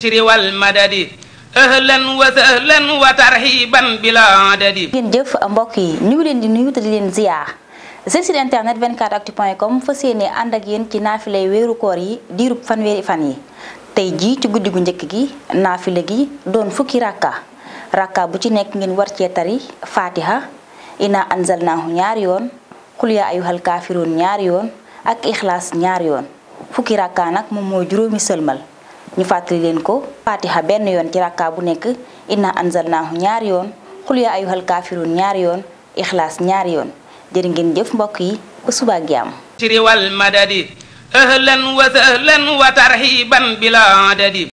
wal madadi ahlan wa sahlan wa bila adadi ngeen jëf mbokk yi ñu leen di nuyu di leen ziar seen site internet 24actu.com fas yéene ànd ak yéen ci naafilay weeru koor yi diirub fanweeri fan yi tey jii ci guddi gu njëkk gi naafila gi doon fukki rakka rakka bu ci nekk ngeen war cee tari fatiha ina anzalnaahu ñaari yoon xul yaa ayyuhal kaafiruun ñaari yoon ak ixlaas ñaar yoon fukki rakka nag moom moo juróomi sëlmal ñu fàttali leen ko fatiha benn yoon ci rakka bu nekk inna anzalnaahu ñaar yoon xul yaa ayyuhal kaafiruun ñaari yoon ixlaas ñaari yoon jërë ngeen jëf mbokk yi ba suba ak jàmm ci riwal madadi ahlan wa sahlan wa tarhiban bila adadi